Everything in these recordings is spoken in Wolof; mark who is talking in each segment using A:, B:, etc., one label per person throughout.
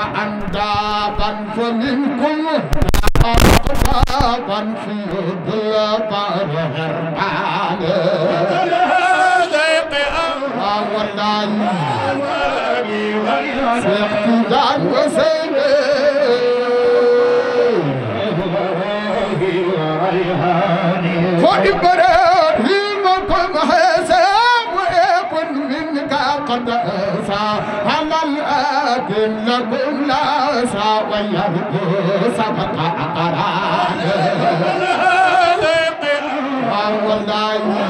A: وأندابا فمنكم أربابا في البلاد هربان والله سيقتدان وسيري فإبراهيم I'm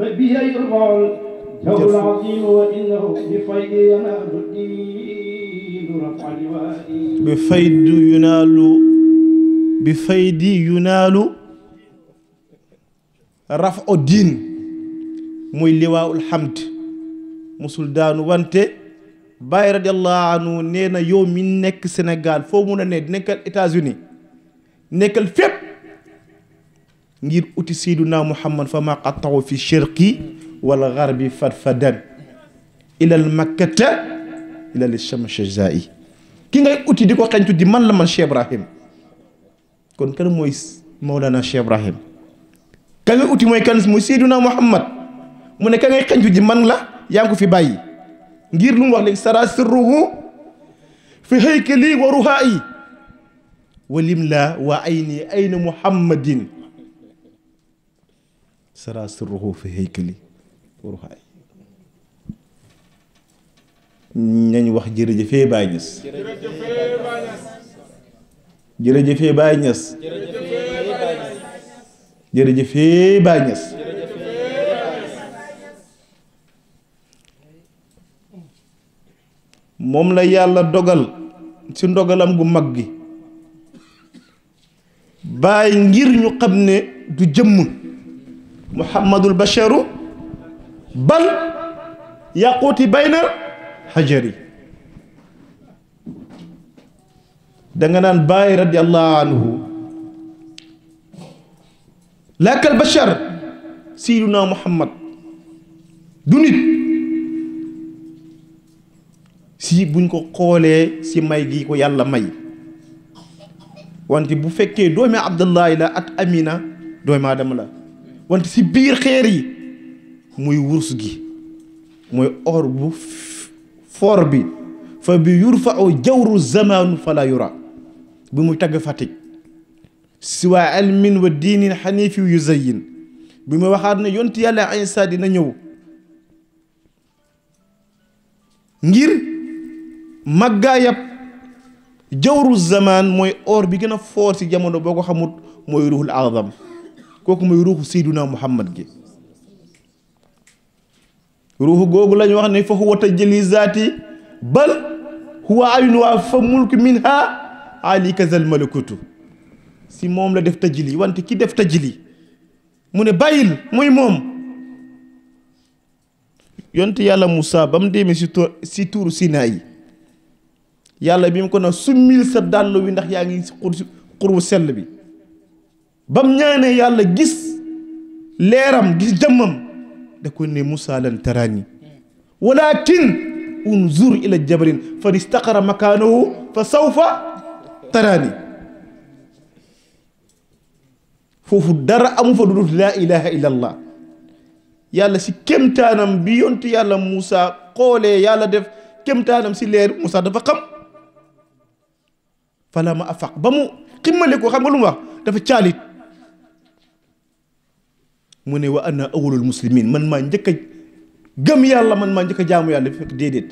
A: فبها يرفع الجو العظيم وإنه بفيد ينال الدين رفع لوائي بفيد ينال بفيد ينال رفع الدين muy liwaawul hamd musul daanu wante Baye radiallahu anhu nee na yow mi nekk Sénégal foo mun a ne nekkal États-Unis nekkal fépp ngir uti sayduna muhammad fa ma qattahu fi shirqi wal garbi fadfadan ilal makkata ilal shamsi zaa'i ki ngay uti di ko xencu di man la man Cheikh Ibrahim kon kan mooy Mawlana Cheikh Ibrahim ka ngay uti mooy kan mooy sayduna muhammad mu ne ka ngay xencu di man la yaa ngi fi bàyyi ngir lu mu wax léegi sara sirruhu fi haykali wa ruhaayi walim wa ayni ayna muhammadin sara sirruhu fi heykali nañ wax jërëjëfee Baay Ñas jërëjëfee Baay Ñas moom la yàlla dogal ci ndogalam gu mag gi bàyyi ngir ñu xam ne du jëmm muhammadul basharu bal yaquuti bayna hajari danga naan bàyyi radiallahu anhu laakal bashar siiduna muhammad du nit si buñ ko xoolee ci may gi ko yàlla may wante bu fekkee doomi abdullahi la at amina doomi aadama la ولد في بير خيري موي ورسجي موي أربو فوربي فبي يرفع جور الزمان فلا يرى بمتق فاتك سوى علم ودين حنيف يزين بما وخارنا ينتي على عيسى دينا نيو ngir magga yab jawru zaman moy or bi gëna for ci jamono boko xamut moy ruhul azam kooku mooy ruuxu sayduna muhammad gi ruuxu googu lañu wax ne fa huwa tajali zaati bal huwa aynu waa fa mulk min ha ali kazal malakutu si moom la def tajali wante ki def tajali mu ne bàyyil muy moom yonte yàlla Moussa ba mu demee si tur si tuuru Sinaay yàlla bi mu ko na summil sa dàll wi ndax yaa ngi si xur si xuru sell bi bam ñaané yàlla gis leram gis jëmmam da ko ne Moussa lan tarani walakin unzur ila jabalin fa istaqara makaanahu fa sawfa tarani fofu dara amu fa dudut la ilaha illa allah yàlla si kemtanam bi yontu yàlla Moussa xolé yàlla def kemtanam si leer Moussa dafa xam fala ma afaq bamu mu xam nga lu mu wax dafa caalit mu ne wa ana awalul muslimin man maa njëkka a gëm yàlla man maa njëkk a jaamu yàlla fekk déedéet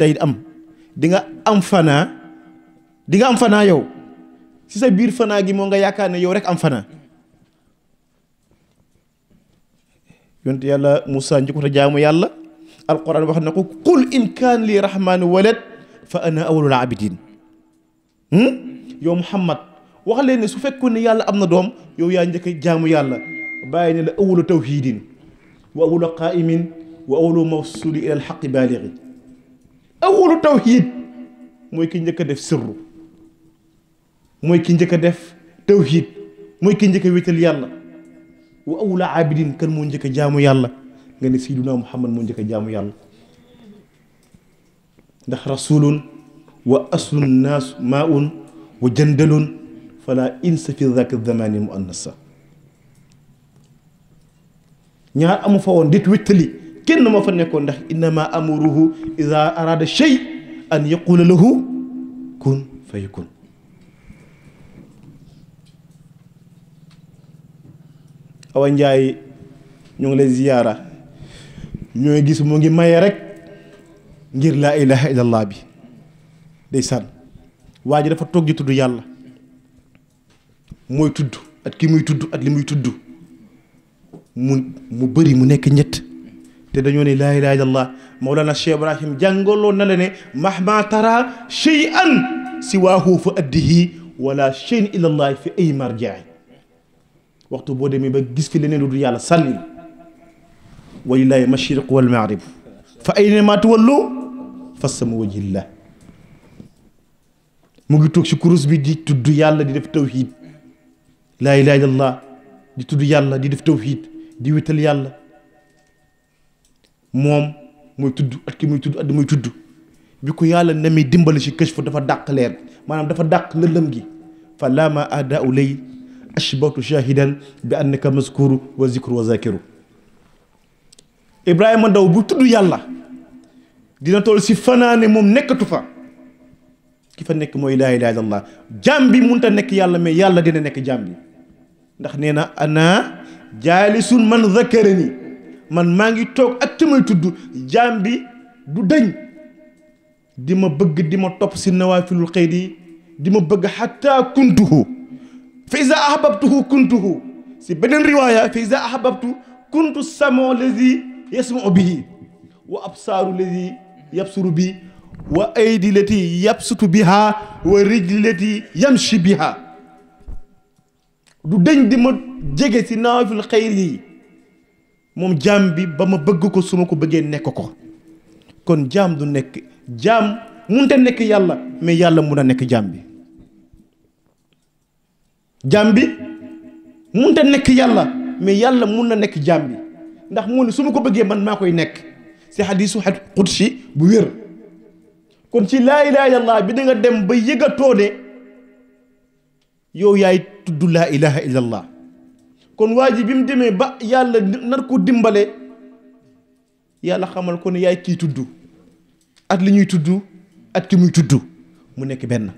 A: day am di nga am fanaa di am fanaa yow si sa biir fanaa gi moo nga yaakaar ne yow rek am fanaa yonte yàlla Moussa njëkkut a yàlla wax na ko qul in kaan li rahmaanu walad fa ana awalul abidin hmm? yow Muhammad wax leen ne su fekkoon ne yàlla am na doom yow yaa njëkk a jaamu yàlla باين الاول توحيد واول قائم واول موصول الى الحق بالغ اول توحيد موي كي نجيك ديف سر موي كي نجيك ديف توحيد موي كي نجيك ويتال يالا واول عابد كان مو نجيك جامو يالا غاني سيدنا محمد مو نجيك جامو يالا ده رسول واصل الناس ماء وجندل فلا انس في ذاك الزمان مؤنثا ñaar amu fa won dit wéttali kenn moo fa nekkon ndax innama amruhu ida arada shay an yaqula lahu kun fayakun Awa Njaay ñu ngi lay ziyara ñoy gis mo ngi maye rek ngir la ilaha illallah bi deysan waji dafa tok ji tuddu yàlla moy tuddu at ki muy tuddu at limuy tuddu mu mu bëri mu nekk ñett te dañoo ne laa ilaaha illallah Mawlana Cheikh Ibrahim jàngaloon na la ne mahma tara shay'an siwaahu fa addihi wala shay'an illallah fi ay marjaay waxtu boo demee ba gis fi leneen lu dul yàlla sànni walillaahi mashriq wal magrib fa aynama tuwallu fa sama wajillah mu ngi toog si kurus bi di tudd yàlla di def tawhid laa ilaaha illallah di tudd yàlla di def tawhid di wital yàlla moom muy tudd at ki muy tudd at muy tudd bi ko yàlla na mi dimbali si kës fu dafa dàq leer maanaam dafa dàq lëndëm gi fa laama ada u lay ashbatu shahidan bi annaka maskuru wa zikru wa zakiru ibrahima ndaw bu tudd yàlla dina toll si fanaane moom nekkatu fa ki fa nekk mooy laa ilaaha illallah jaam bi munta nekk yàlla mais yàlla dina nekk jaam bi ndax nee na ana jaalisun man zakarani man maa ngi toog ak tamay tudd jaam bi du dañ di ma bëgg di ma topp si nawaafilul xayri yi di ma bëgg xatta kuntuhu fa iza ahbabtuhu kuntuhu si beneen riwaaya fa iza ahbabtu kuntu samo lazi yasmau bihi wa absaaru lazi yabsuru bi wa aydi lati yabsutu biha wa rijli lati yamshi biha du deñ di ma jege si naafil xëy yi moom jaam bi ba ma bëgg ko su ma ko bëggee nekk ko kon jaam du nekk jaam munte nekk yàlla mais yàlla mun a nekk jaam bi jaam bi munte nekk yàlla mais yàlla mun na nekk jaam bi ndax moo ne su ma ko bëggee man maa koy nekk si hadiisu si bu wér kon ci laa ilaaha illallaah bi danga dem ba yëgatoo ne yow yaay tudd laa ilaha illallah kon waa ji bi mu demee ba yàlla nar ko dimbale yàlla xamal ko ne yaay kii tudd at li ñuy tudd at ki muy tudd mu nekk benn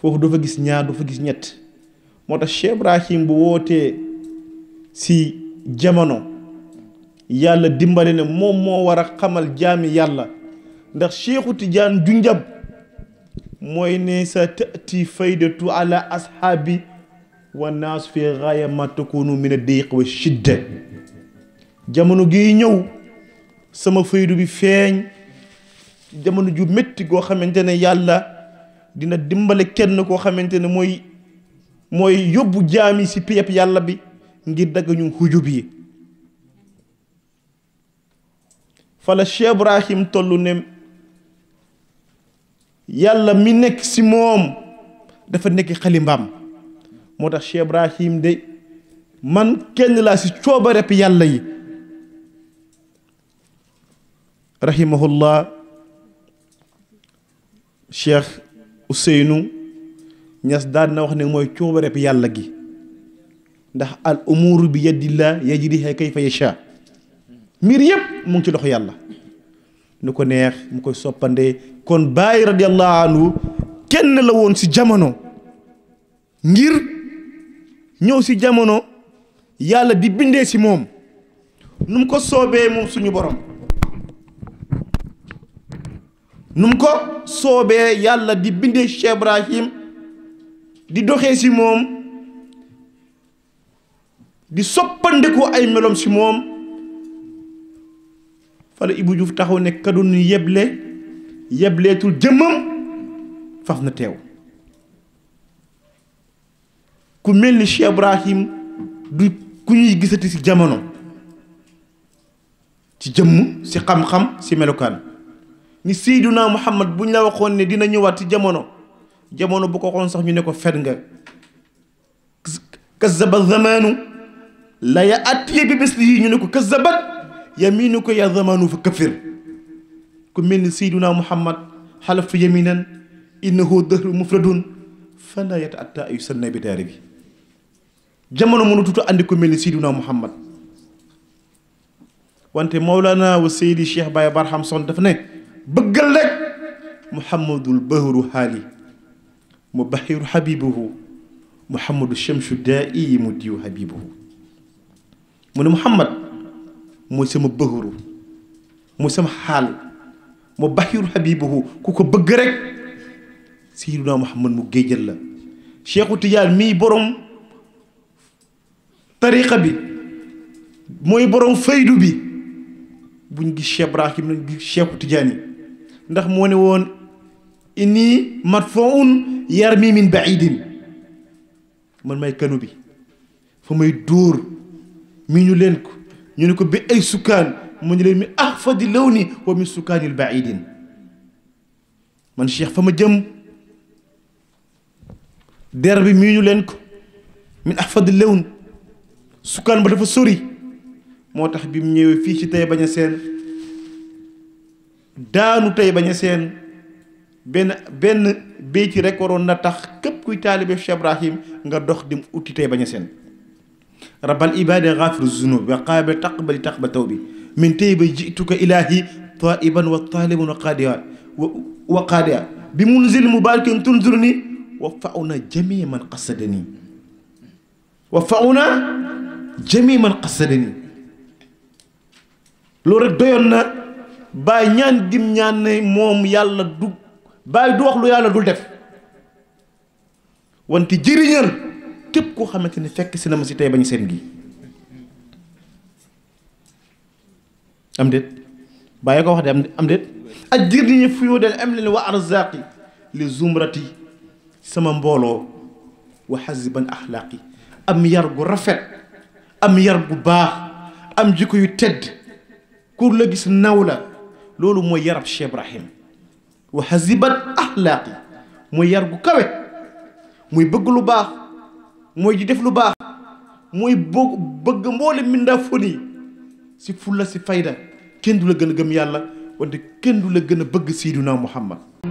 A: foofu doo fa gis ñaar doo fa gis ñett moo tax Cheikh Ibrahim bu wootee si jamono yàlla dimbale ne moom moo war a xamal jaami yàlla ndax Cheikhu Tijaan junjab mooy ne sa tati faydatu ala ashaabi wa naas fi gaaya ma takunu min a wa shidda jamono gi ñëw sama faydu bi feeñ jamono ju metti goo xamante ne yàlla dina dimbale kenn koo xamante ne mooy mooy yóbbu jaami si piyeb yàlla bi ngir dagg ñu hujub yi fala Cheikh Ibrahim tollu ne yàlla mi nek ci mom dafa nek xalimbaam moo tax Cheikh Ibrahim de man kenn la ci cioba rep yàlla yi rahimahullah Cheikh Ousseynou ñas daal na wax ne mooy cooba rep yàlla gi ndax al umuru bi yadillah yajriha kayfa yasha mir yëpp mu ngi ci loxo yàlla ni ko neex mu koy soppande kon Baay radiyallahu anhu kenn la woon ci jamono ngir ñëw ci jamono yàlla di bindee ci moom nu mu ko soobee moom suñu boroom nu mu ko soobee yàlla di bindee Cheikh Ibrahim di doxee ci moom di soppandeku ay melom ci moom fala ibu juuf taxaw ne kadu nu yeble yebleetul jëmmam faf na teew ku mel ni Cheikh Ibrahim du ku ñuy gisati ci jamono ci jëmm ci xam-xam ci melokaan ni sayyiduna Muhammad buñ la waxoon ne dina ñëwaat ci jamono jamono bu ko xon sax ñu ne ko fet nga kazzaba zamanu la ya attiye bi bés yi ñu ne ko kazzabat yaminuka ya zamanu fa kafir ku mel ni sayduna muhammad xalaf yaminan innahu dëhru mufradun fala yata'atta ay sanna bi daari bi jamono mënu tutu andi ku mel ni sayduna muhammad wante mawlana wa seydi cheikh baye barham son daf ne bëggal rek muhammadul bahru haali mu baxiru habibuhu muhammadu chamsu daa'i mu diw habibuhu mu ne muhammad moy sama bëhuru mooy sama hal mo baxiru habibuhu kuko beug rek sayyiduna muhammad mu géejal la cheikhou tidiane mi borom tariqa bi moy borom faydu bi buñ gi cheikh ibrahim nañ gi cheikhou tidiane ndax mo ne won inni marfuun yarmi min baidin man may kanu bi fa may dóor mi ñu leen ko ñu ne ko bi ay sukkaan mu ne leen mi ahfadi law ni wa min sukkaanil baidin man cheikh fa ma jëm der bi mii ñu leen ko min ahfadi law ni sukkaan ba dafa sori moo tax bi mu ñëwee fii ci tey bañ a seen daanu tey bañ a seen benn benn béyti rek waroon na tax képp kuy taalibe Cheikh Ibrahim nga dox dim utti tey bañ a seen رب العباد غافر الذنوب وقابل تقبل تقبل توبي من تيب جئتك إلهي طائبا وطالبا وقادرا وقادرا بمنزل مبارك تنظرني وفعنا جميع من قصدني وفعنا جميع من قصدني loolu rek doyoon na bàyyi ñaan gim ñaan ne moom yàlla du bàyyi du wax lu yàlla dul كيف كو خامتيني فك سينما سي تاي باني سين غي امديت بايا كو واخدي امديت اجيرني فيو دال ام لن وارزاقي لزمرتي سما مبولو وحزبا اخلاقي ام يرغو رفت ام يرغو باخ ام جيكو يو تيد كور لا غيس ناولا لولو مو يرب شي ابراهيم وحزبا اخلاقي مو يرغو كاوي مو يبغ لو باخ mooy di def lu baax mooy boo bëgg mboole mindaa fon yi si fulla si fayda kenn du la gën a gëm yàlla wante kenn du la gën a bëgg Seydina Muhammad